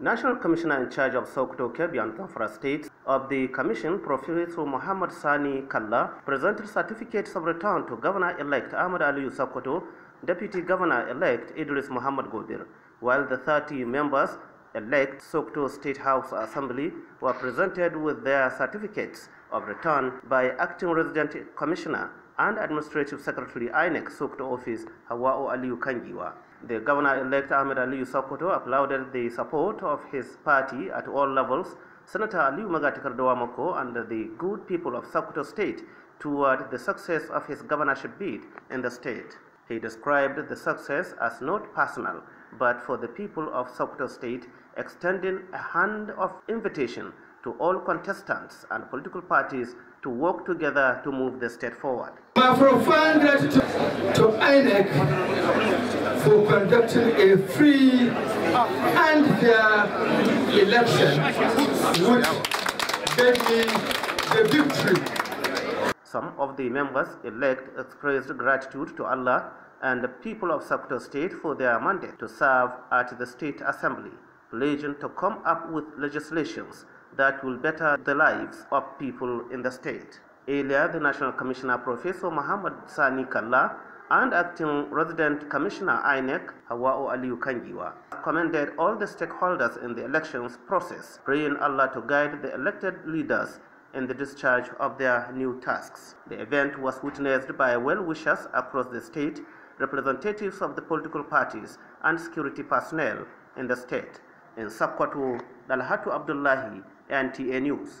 National Commissioner in charge of Sokoto, Kebbi and State states of the Commission, Professor Muhammad Sani Kalla, presented certificates of return to Governor-elect Ahmed Aliyu Sokoto, Deputy Governor-elect Idris Muhammad Godir, while the 30 members elect Sokoto State House Assembly were presented with their certificates of return by Acting Resident Commissioner and Administrative Secretary INEC Sokoto office Hawao Aliu Kangiwa. The governor-elect Ahmed Aliu Sokoto applauded the support of his party at all levels, Senator Aliyu Magatikardowamoko and the good people of Sokoto state toward the success of his governorship bid in the state. He described the success as not personal, but for the people of Sokoto state, extending a hand of invitation to all contestants and political parties to work together to move the state forward. My profound gratitude to INEC for conducting a free and fair election which gave me the victory. Some of the members-elect expressed gratitude to Allah and the people of Sokoto State for their mandate to serve at the State Assembly, pledging to come up with legislations that will better the lives of people in the state. Earlier, the National Commissioner Professor Muhammad Sani Kalla and Acting Resident Commissioner INEC Hawao Aliu Kangiwa commended all the stakeholders in the elections process, praying Allah to guide the elected leaders in the discharge of their new tasks. The event was witnessed by well-wishers across the state, representatives of the political parties, and security personnel in the state. In Sakkwato, Dalhatu Abdullahi anti-NUs.